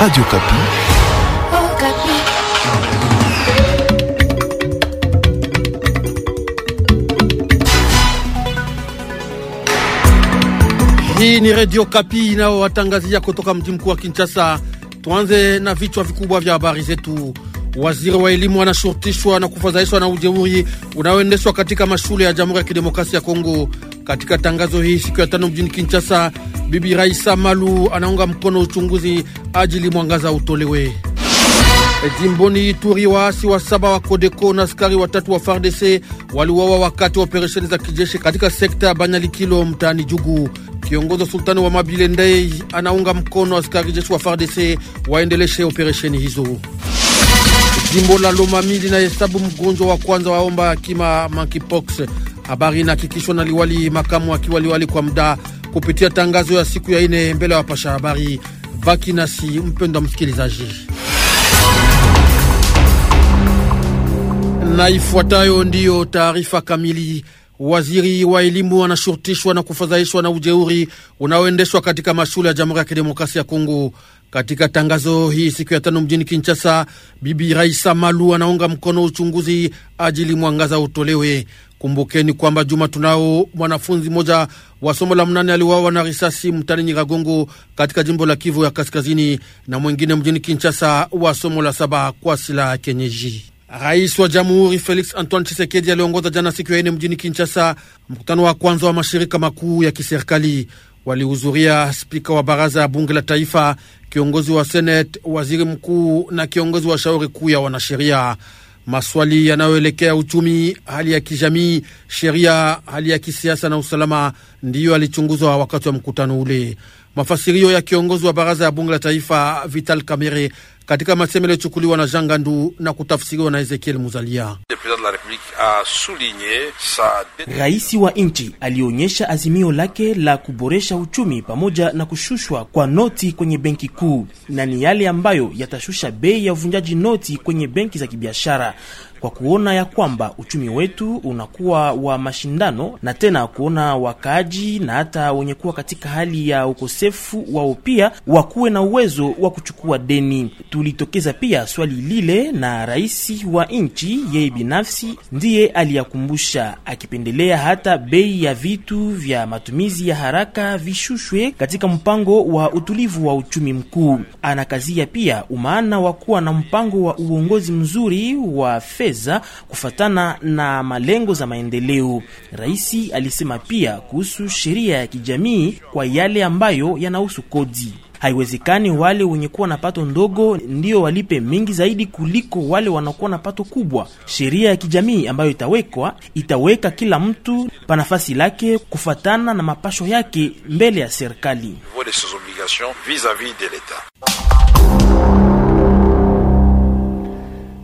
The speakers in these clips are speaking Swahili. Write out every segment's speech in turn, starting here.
Radio Kapi. Oh, Kapi. Hii ni Radio Kapi watangazia kutoka mji mkuu wa Kinshasa. Tuanze na vichwa vikubwa vya habari zetu. Waziri wa elimu anashurutishwa na kufadhaishwa na ujeuri unaoendeshwa katika mashule ya Jamhuri ya Kidemokrasia ya Kongo. Katika tangazo hii siku ya tano mjini Kinshasa, Bibi Raisa Malu anaunga mkono uchunguzi ajili mwangaza utolewe. E, jimboni Ituri, waasi wa saba wa Kodeko na askari watatu wa FARDC waliuawa wakati wa operesheni za kijeshi katika sekta ya Banyalikilo mtaani Jugu. Kiongozi sultani wa Mabile Ndei anaunga mkono askari jeshi wa FARDC waendeleshe operesheni hizo. Jimbo la Lomami linahesabu mgonjwa wa kwanza waomba kima monkeypox. Habari inahakikishwa na liwali makamu akiwa liwali kwa muda kupitia tangazo ya siku ya ine mbele ya wapasha habari. Baki nasi mpendwa msikilizaji, na ifuatayo ndiyo taarifa kamili. Waziri wa elimu anashurutishwa na kufadhaishwa na ujeuri unaoendeshwa katika mashule ya Jamhuri ya Kidemokrasia ya Kongo. Katika tangazo hii siku ya tano mjini Kinshasa, Bibi Raisa Malu anaunga mkono uchunguzi ajili mwangaza utolewe. Kumbukeni kwamba juma tunao mwanafunzi mmoja wa somo la mnane aliwawa na risasi mtani Nyiragongo katika jimbo la Kivu ya Kaskazini na mwingine mjini Kinshasa wa somo la saba kwa silaha ya kienyeji. Rais wa Jamhuri Felix Antoine chisekedi aliongoza jana siku ya ine mjini Kinshasa mkutano wa kwanza wa mashirika makuu ya kiserikali. Walihudhuria spika wa baraza ya bunge la taifa, kiongozi wa seneti, waziri mkuu na kiongozi wa shauri kuu ya wanasheria maswali yanayoelekea uchumi, hali ya kijamii, sheria, hali ya kisiasa na usalama ndiyo alichunguzwa wakati wa mkutano ule. Mafasirio ya kiongozi wa baraza ya bunge la taifa Vital Kamerhe katika masemo yaliyochukuliwa na Jean Gandu na kutafsiriwa na Ezekiel Muzalia. Rais wa nchi alionyesha azimio lake la kuboresha uchumi pamoja na kushushwa kwa noti kwenye benki kuu, na ni yale ambayo yatashusha bei ya uvunjaji noti kwenye benki za kibiashara kwa kuona ya kwamba uchumi wetu unakuwa wa mashindano na tena kuona wakaaji na hata wenye kuwa katika hali ya ukosefu wao pia wakuwe na uwezo wa kuchukua deni. Tulitokeza pia swali lile na rais wa nchi, yeye binafsi ndiye aliyakumbusha, akipendelea hata bei ya vitu vya matumizi ya haraka vishushwe katika mpango wa utulivu wa uchumi mkuu. Anakazia pia umaana wa kuwa na mpango wa uongozi mzuri wa fe fedha kufatana na malengo za maendeleo. Rais alisema pia kuhusu sheria ya kijamii kwa yale ambayo yanahusu kodi. Haiwezekani wale wenye kuwa na pato ndogo ndio walipe mingi zaidi kuliko wale wanaokuwa na pato kubwa. Sheria ya kijamii ambayo itawekwa itaweka kila mtu pa nafasi lake kufatana na mapasho yake mbele ya serikali.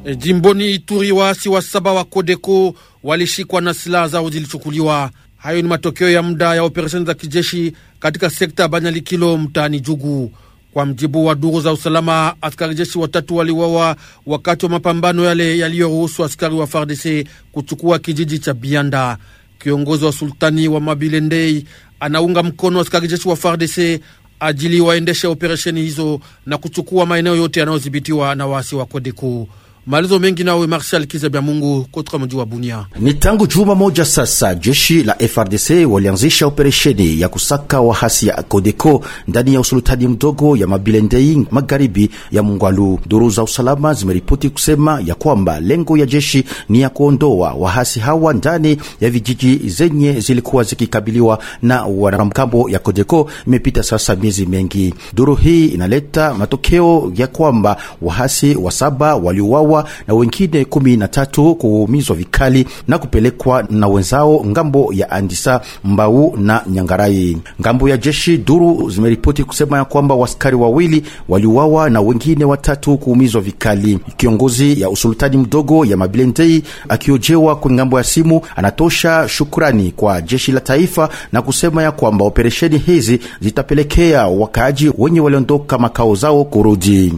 E, jimboni Ituri waasi wa saba wa Kodeko walishikwa na silaha zao zilichukuliwa. Hayo ni matokeo ya muda ya operesheni za kijeshi katika sekta Banyalikilo mtaani Jugu. Kwa mjibu wa duru za usalama, askari jeshi watatu waliwawa wakati wa mapambano yale yaliyoruhusu askari wa FARDC kuchukua kijiji cha Bianda. Kiongozi wa sultani wa Mabilendei anaunga mkono askari jeshi wa FARDC ajili waendeshe operesheni hizo na kuchukua maeneo yote yanayodhibitiwa na waasi wa Kodekuu. Maelezo mengi nawe Marshal Kizabya Mungu kutoka mji wa Bunia. Ni tangu juma moja sasa, jeshi la FRDC walianzisha operesheni ya kusaka wahasi ya Kodeko ndani ya usultani mdogo ya Mabilendei magharibi ya Mungwalu. Duru za usalama zimeripoti kusema ya kwamba lengo ya jeshi ni ya kuondoa wahasi hawa ndani ya vijiji zenye zilikuwa zikikabiliwa na wanamgambo ya Kodeko. Imepita sasa miezi mengi. Duru hii inaleta matokeo ya kwamba wahasi wa saba waliuawa kuuawa na wengine kumi na tatu kuumizwa vikali na kupelekwa na wenzao ngambo ya Andisa, Mbau na Nyangarai. Ngambo ya jeshi, duru zimeripoti kusema ya kwamba waskari wawili waliuawa na wengine watatu kuumizwa vikali. Kiongozi ya usultani mdogo ya Mabilendei akiojewa kwenye ngambo ya simu anatosha shukrani kwa jeshi la taifa na kusema ya kwamba operesheni hizi zitapelekea wakaaji wenye waliondoka makao zao kurudi.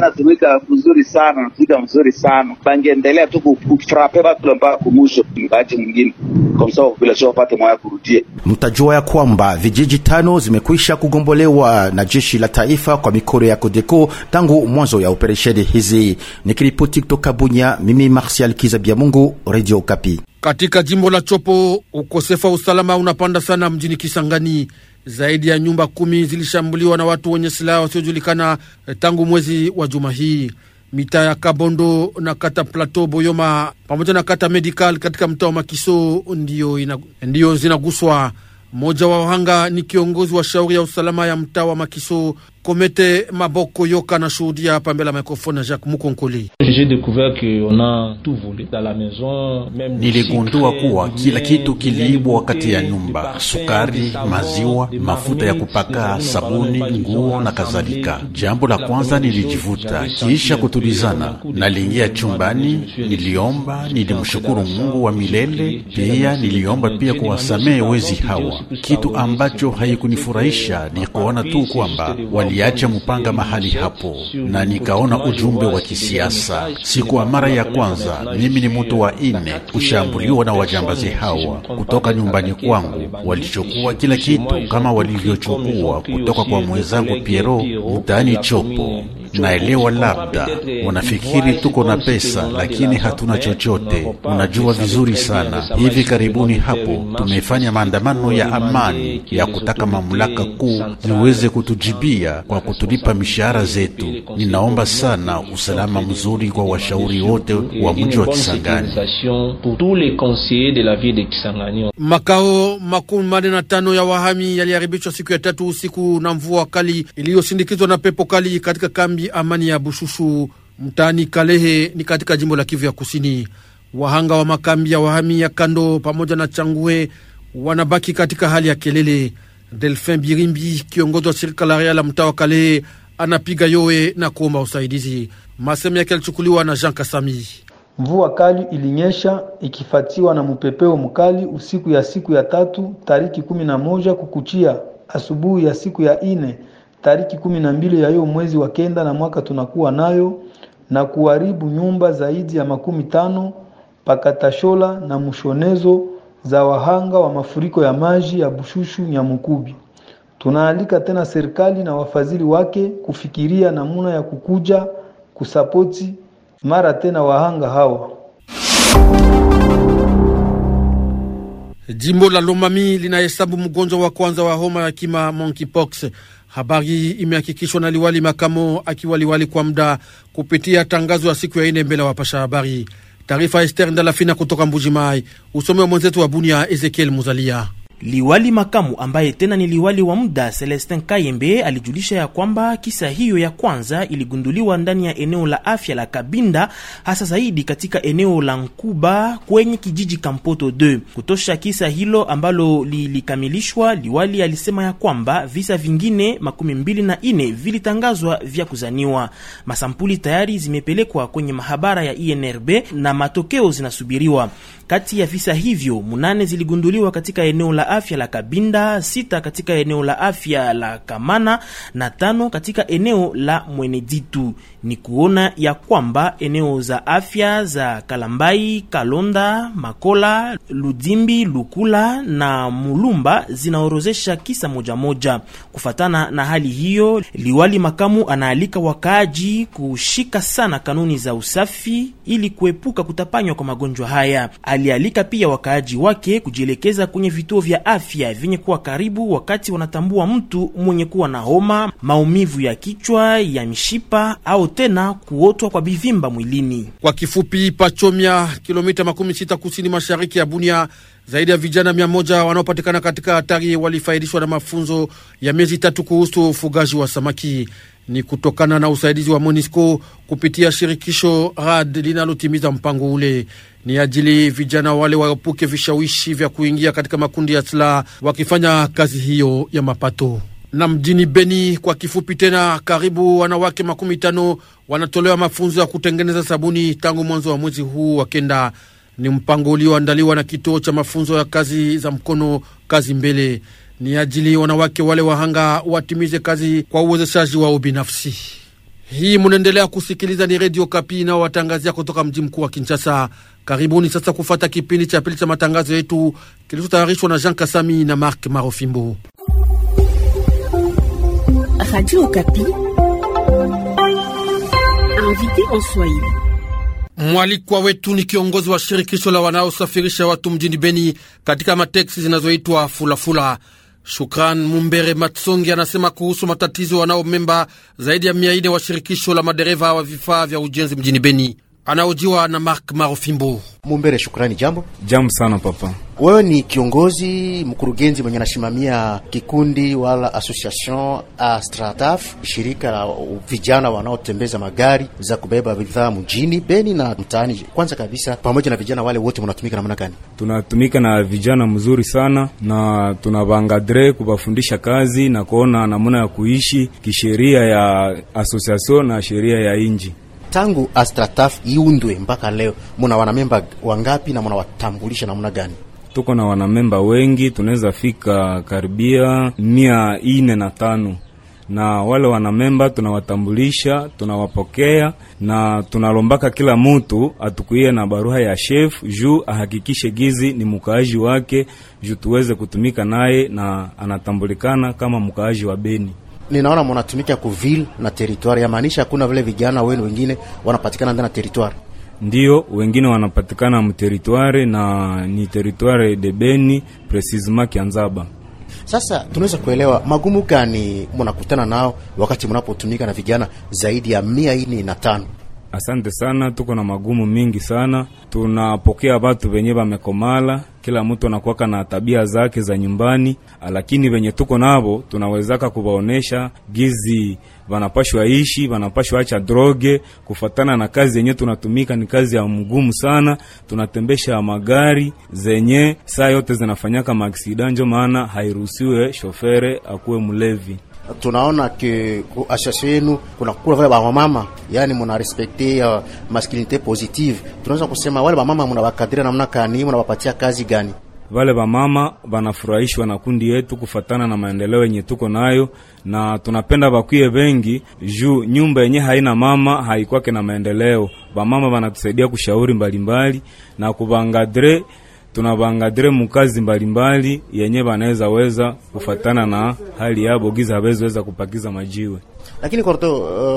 natumika vizuri sana mzuri sana, bangeendelea tu kufrape batu mpaka kumusho wakati mwingine komsa sio wapate mwaya kurudie. Mtajua ya kwamba vijiji tano zimekwisha kugombolewa na jeshi la taifa kwa mikoro ya Kodeko tangu mwanzo ya operesheni hizi. Nikiripoti kutoka Bunya, mimi Marsial Mungu, Radio Kapi. Katika jimbo la Chopo, ukosefu wa usalama unapanda sana mjini Kisangani. Zaidi ya nyumba kumi zilishambuliwa na watu wenye silaha wasiojulikana tangu mwezi wa juma hii mitaa ya Kabondo na kata Plateau Boyoma pamoja na kata Medical katika mtaa wa Makiso ndiyo, ndiyo zinaguswa. Mmoja wa wahanga ni kiongozi wa shauri ya usalama ya mtaa wa Makiso Komete Maboko Yoka anashuhudia hapa mbele ya mikrofoni ya Jacques Mukonkoli. Niligundua kuwa kila kitu kiliibwa wakati ya nyumba: sukari, maziwa, mafuta ya kupaka, sabuni, nguo na kadhalika. Jambo la kwanza nilijivuta, kisha kutulizana, naliingia chumbani, niliomba, nilimshukuru Mungu wa milele. Pia niliomba pia kuwasamehe wezi hawa. Kitu ambacho haikunifurahisha ni kuona tu kwamba aliacha mpanga mahali hapo na nikaona ujumbe wa kisiasa. kwa mara ya kwanza mimi ni mtu wa ine kushambuliwa na wajambazi hawa kutoka nyumbani kwangu. Walichukua kila kitu kama walivyochukua kutoka kwa mwenzangu Piero mtaani Chopo. Naelewa labda unafikiri tuko na pesa lakini hatuna chochote. Unajua vizuri sana, hivi karibuni hapo tumefanya maandamano ya amani ya kutaka mamlaka kuu ziweze kutujibia kwa kutulipa mishahara zetu. Ninaomba sana usalama mzuri kwa washauri wote wa mji wa Kisangani. Makao makumi manne na tano ya wahami yaliharibishwa siku ya tatu usiku na mvua kali iliyosindikizwa na pepo kali katika kambi kambi amani ya Bushushu mtaani Kalehe ni katika jimbo la Kivu ya Kusini. Wahanga wa makambi ya wahami ya Kando pamoja na Changue wanabaki katika hali ya kelele. Delfin Birimbi, kiongozi wa shirika la raia la mtaa wa Kalehe, anapiga yowe na kuomba usaidizi. Masemo yake yalichukuliwa na Jean Kasami. Mvua kali ilinyesha ikifatiwa na mpepeo mkali usiku ya siku ya tatu tariki kumi na moja kukuchia asubuhi ya siku ya ine tariki kumi na mbili ya hiyo mwezi wa kenda na mwaka tunakuwa nayo, na kuharibu nyumba zaidi ya makumi tano pakatashola na mushonezo za wahanga wa mafuriko ya maji ya Bushushu Nyamukubi. Tunaalika tena serikali na wafadhili wake kufikiria namuna ya kukuja kusapoti mara tena wahanga hawa. Jimbo la Lomami linahesabu mgonjwa wa kwanza wa homa ya kima monkeypox. Habari imehakikishwa na liwali makamo akiwa liwali kwa muda kupitia tangazo ya siku ya ine mbele ya wapasha habari. Taarifa Ester Ndalafina kutoka Mbuji Mai, usome wa mwenzetu wa Bunia Ezekiel Muzalia. Liwali makamu ambaye tena ni liwali wa muda Celestin Kayembe alijulisha ya kwamba kisa hiyo ya kwanza iligunduliwa ndani ya eneo la afya la Kabinda, hasa zaidi katika eneo la Nkuba kwenye kijiji Kampoto 2. Kutosha kisa hilo ambalo lilikamilishwa, liwali alisema ya kwamba visa vingine makumi mbili na ine vilitangazwa vya kuzaniwa. Masampuli tayari zimepelekwa kwenye mahabara ya INRB na matokeo zinasubiriwa. Kati ya visa hivyo munane ziligunduliwa katika eneo la afya la Kabinda, sita katika eneo la afya la Kamana na tano katika eneo la Mweneditu. Ni kuona ya kwamba eneo za afya za Kalambai, Kalonda, Makola, Ludimbi, Lukula na Mulumba zinaorozesha kisa moja moja. Kufatana na hali hiyo, liwali makamu anaalika wakaaji kushika sana kanuni za usafi ili kuepuka kutapanywa kwa magonjwa haya. Alialika pia wakaaji wake kujielekeza kwenye vituo vya afya vyenye kuwa karibu wakati wanatambua mtu mwenye kuwa na homa, maumivu ya kichwa, ya mishipa au tena kuotwa kwa bivimba mwilini. Kwa kifupi, Pachomya, kilomita makumi sita kusini mashariki ya Bunia. Zaidi ya vijana mia moja wanaopatikana katika hatari walifaidishwa na mafunzo ya miezi tatu kuhusu ufugaji wa samaki ni kutokana na usaidizi wa MONISCO kupitia shirikisho RAD linalotimiza mpango ule ni ajili vijana wale waepuke vishawishi vya kuingia katika makundi ya silaha wakifanya kazi hiyo ya mapato. Na mjini Beni, kwa kifupi tena, karibu wanawake makumi tano wanatolewa mafunzo ya kutengeneza sabuni tangu mwanzo wa mwezi huu wa kenda. Ni mpango ulioandaliwa na kituo cha mafunzo ya kazi za mkono Kazi Mbele ni ajili wanawake wale wahanga watimize kazi kwa uwezeshaji wao binafsi. Hii munaendelea kusikiliza, ni Redio Kapi inayowatangazia kutoka mji mkuu wa Kinshasa. Karibuni sasa kufata kipindi cha pili cha matangazo yetu kilichotayarishwa na Jean Kasami na Mark Marofimbo. Mwalikwa wetu ni kiongozi wa shirikisho la wanaosafirisha watu mjini Beni katika mateksi zinazoitwa fulafula. Shukran Mumbere Matsongi anasema kuhusu matatizo wanaomemba zaidi ya mia ine wa shirikisho la madereva wa vifaa vya ujenzi mjini Beni anaojiwa na Mark Marofimbo Mumbere. Shukrani, jambo jambo sana papa. Wewe ni kiongozi mkurugenzi mwenye anasimamia kikundi wala association Astrataf, shirika la vijana wanaotembeza magari za kubeba bidhaa mjini Beni na mtaani. Kwanza kabisa, pamoja na vijana wale wote mnatumika namna gani? Tunatumika na vijana mzuri sana, na tunavangadre kuvafundisha kazi na kuona namna ya kuishi kisheria ya association na sheria ya inji tangu Astrataf iundwe mpaka leo muna wanamemba wangapi na munawatambulisha namna gani? Tuko na wanamemba wengi, tunaweza fika karibia mia ine na tano na wale wanamemba tunawatambulisha, tunawapokea na tunalombaka kila mutu atukuie na baruha ya shef juu ahakikishe gizi ni mukaaji wake, juu tuweze kutumika naye na anatambulikana kama mukaaji wa Beni ninaona munatumika ku ville na territoire, yamaanisha hakuna vile vijana wenu wengine wanapatikana ndani ya territoire ndio wengine wanapatikana mteritware na ni teritware de Beni precisement Kianzaba. Sasa tunaweza kuelewa magumu gani mnakutana nao wakati mnapotumika na vijana zaidi ya mia ini na tano. Asante sana, tuko na magumu mingi sana. Tunapokea watu wenye wamekomala, kila mtu anakuwaka na tabia zake za nyumbani, lakini wenye tuko navo tunawezaka kuwaonesha gizi wanapashwa ishi, wanapashwa acha droge, kufatana na kazi yenye tunatumika. Ni kazi ya mgumu sana, tunatembesha magari zenye saa yote zinafanyaka maaksida, njo maana hairuhusiwe shofere akuwe mlevi tunaona ke asasi yenu kunakula vale bamama, yani muna respecte uh, masculinite positive. Tunaweza kusema wale bamama bakadira namna kani, bapatia kazi gani? Wale bamama banafurahishwa na kundi yetu kufatana na maendeleo yenye tuko nayo, na tunapenda bakuye bengi juu nyumba yenye haina mama haikwake na maendeleo. Bamama banatusaidia kushauri mbalimbali mbali, na kubangadre tunabangadire mukazi mbalimbali yenye banaweza weza kufatana na hali yabo giza weza kupakiza majiwe. Lakini korto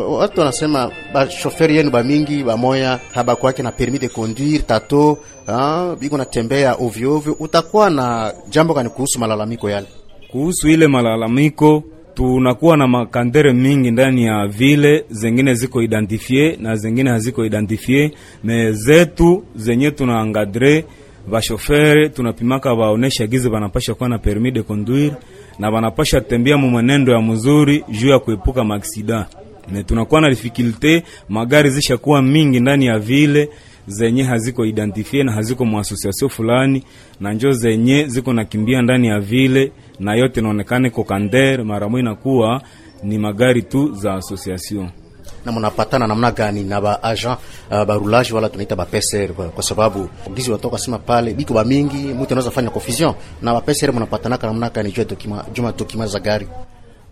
uh, watu wanasema bashoferi yenu bamingi bamoya kwake na permis de conduire tato uh, ah, biko natembea ovyo ovyo. Utakuwa na jambo gani kuhusu malalamiko yale? Kuhusu ile malalamiko tunakuwa na makandere mingi ndani ya vile zengine ziko identifie na zengine haziko identifie me zetu zenye tunaangadre bashofere tunapimaka baonesha gizi banapasha kuwa na permis de conduire na banapasha tembea mu mwenendo ya mzuri juu ya kuepuka maaksida. Ne tunakuwa na difikilte, magari zishakuwa mingi ndani ya vile zenye haziko identifie na haziko muasosiasio fulani, na njo zenye ziko nakimbia ndani ya vile, na yote inaonekana kokander mara inakuwa ni magari tu za asosiasio na mnapatana namna gani na ba agent uh, ba roulage wala tunaita ba PCR, kwa sababu ndizi watoka sema pale biko ba mingi, mtu anaweza fanya confusion na ba PCR. Mnapatana kana namna gani jua dokima juma dokima za gari?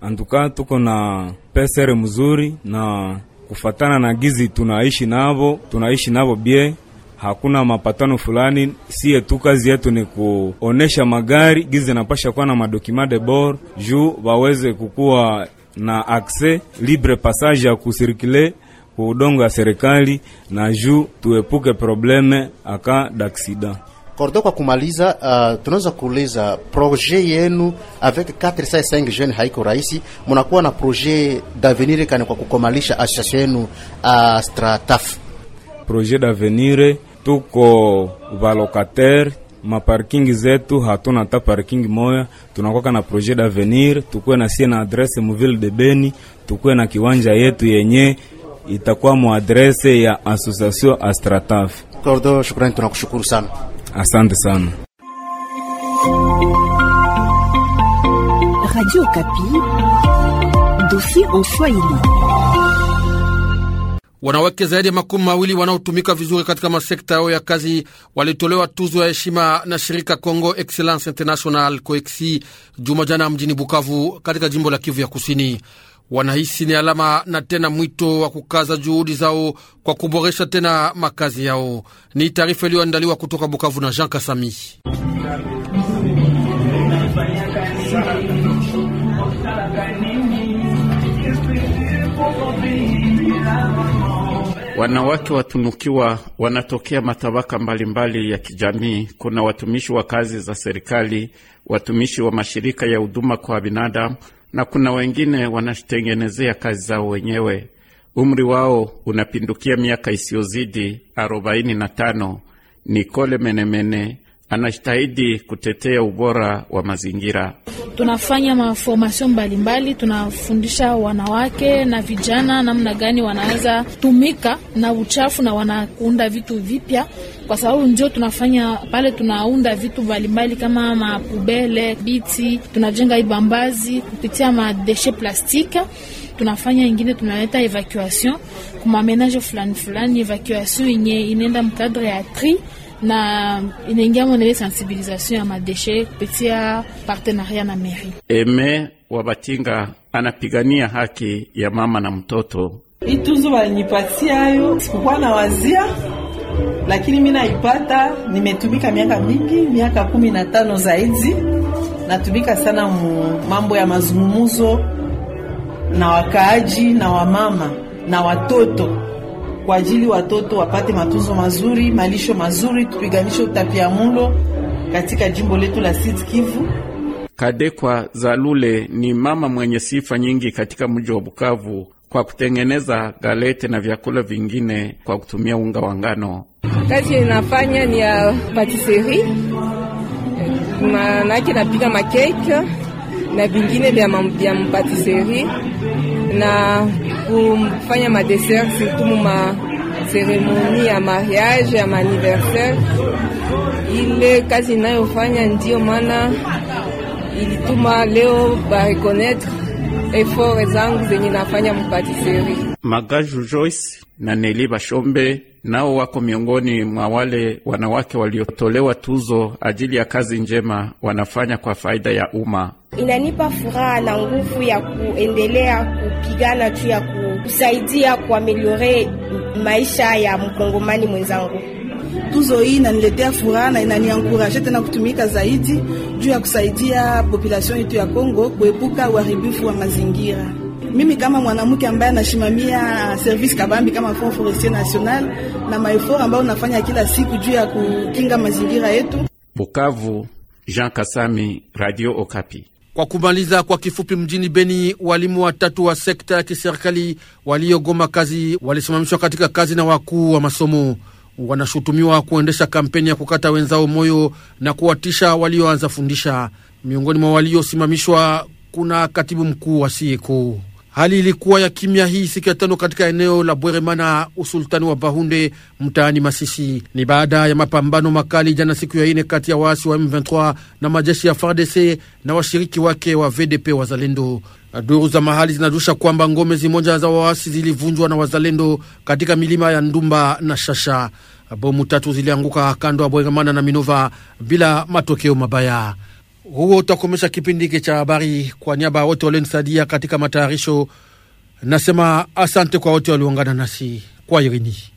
anduka tuko na PCR mzuri na kufatana na gizi tunaishi navo, tunaishi navo bie hakuna mapatano fulani. Sie tu kazi yetu ni kuonesha magari gizi napasha kuwa na madokima de bord juu waweze kukuwa na akse libre passage ya kusirikile ku udongo ya serikali na juu tuepuke probleme aka d'accident. Kordo, kwa kumaliza, uh, tunaweza kuuliza projet yenu avec 405 jeunes haiko rahisi. Mnakuwa na projet d'avenir kani kwa kukomalisha asasi yenu uh, Strataf proje d'avenir tuko valocataire maparking zetu hatuna hata parking moya. Tunakwaka na projet d'avenir, tukuwe na sie na adrese muville de Beni, tukuwe na kiwanja yetu yenye itakuwa muadrese ya association Astrataf. Kordo, shukrani, tunakushukuru sana, asante sana. Radio Kapi, dossier en Swahili. Wanawake zaidi ya makumi mawili wanaotumika vizuri katika masekta yao ya kazi walitolewa tuzo ya heshima na shirika Congo Excellence International Coexi juma jana mjini Bukavu katika jimbo la Kivu ya Kusini. Wanahisi ni alama na tena mwito wa kukaza juhudi zao kwa kuboresha tena makazi yao. Ni taarifa iliyoandaliwa kutoka Bukavu na Jean Kasami. Wanawake watunukiwa wanatokea matabaka mbalimbali mbali ya kijamii. Kuna watumishi wa kazi za serikali, watumishi wa mashirika ya huduma kwa binadamu, na kuna wengine wanatengenezea kazi zao wenyewe. Umri wao unapindukia miaka isiyozidi 45. Nicole Menemene anajitahidi kutetea ubora wa mazingira. Tunafanya maformasio mbalimbali, tunafundisha wanawake na vijana namna gani wanaweza tumika na uchafu na wanakuunda vitu vipya, kwa sababu ndio tunafanya pale, tunaunda vitu mbalimbali kama mapubele, biti, tunajenga ibambazi kupitia madeshe plastika tunafanya ingine, tunaleta evacuation kumamenaje fulani fulani, evacuation yenye inaenda mkadre ya tri na inaingia monele sensibilisation ya madeshe kupitia partenariat na meri. Eme Wabatinga anapigania haki ya mama na mtoto. Itunzo walinipatia hayo sikukuwa na wazia, lakini mi naipata. Nimetumika miaka mingi, miaka kumi na tano zaidi. Natumika sana mambo ya mazungumuzo na wakaaji na wamama na watoto kwa ajili watoto wapate matunzo mazuri, malisho mazuri, tupiganishe mulo katika jimbo letu la Sud Kivu. Kadekwa Zalule ni mama mwenye sifa nyingi katika mji wa Bukavu kwa kutengeneza galete na vyakula vingine kwa kutumia unga wa ngano. Kazi inafanya ni ya patisserie, manake napika makeke na vingine vya mpatiseri na kufanya dessert surtout ma cérémonie ya mariage anniversaire ya maaniversaire. Ile kazi inayofanya ndiyo maana ilituma leo reconnaître efore zangu zenye nafanya mupatiseri. Magaju Joyce na Neli Bashombe nao wako miongoni mwa wale wanawake waliotolewa tuzo ajili ya kazi njema wanafanya kwa faida ya umma. Inanipa furaha na nguvu ya kuendelea kupigana juu ya kusaidia kuameliore maisha ya mkongomani mwenzangu tuzo hii inaniletea furaha na inaniankuraje tena kutumika zaidi juu ya kusaidia population yetu ya Kongo kuepuka uharibifu wa mazingira. Mimi kama mwanamke ambaye anasimamia service kabambi kama Fond Forestier National na maefort ambayo unafanya kila siku juu ya kukinga mazingira yetu. Bukavu, Jean Kasami, Radio Okapi. Kwa kumaliza kwa kifupi, mjini Beni walimu watatu wa sekta ya kiserikali waliogoma kazi walisimamishwa katika kazi na wakuu wa masomo wanashutumiwa kuendesha kampeni ya kukata wenzao moyo na kuwatisha walioanza fundisha. Miongoni mwa waliosimamishwa kuna katibu mkuu wa sieko. Hali ilikuwa ya kimya hii siku ya tano katika eneo la Bweremana, usultani wa Bahunde, mtaani Masisi. Ni baada ya mapambano makali jana siku ya ine kati ya waasi wa M23 na majeshi ya FARDC na washiriki wake wa VDP wazalendo. Duru za mahali zinadusha kwamba ngome zimoja za waasi zilivunjwa na wazalendo katika milima ya Ndumba na Shasha. Bomu tatu zilianguka kando ya Bwengamana na Minova bila matokeo mabaya. Huo utakomesha kipindi hiki cha habari. Kwa niaba ya wote walionisaidia katika matayarisho, nasema asante kwa wote walioungana nasi kwa irini.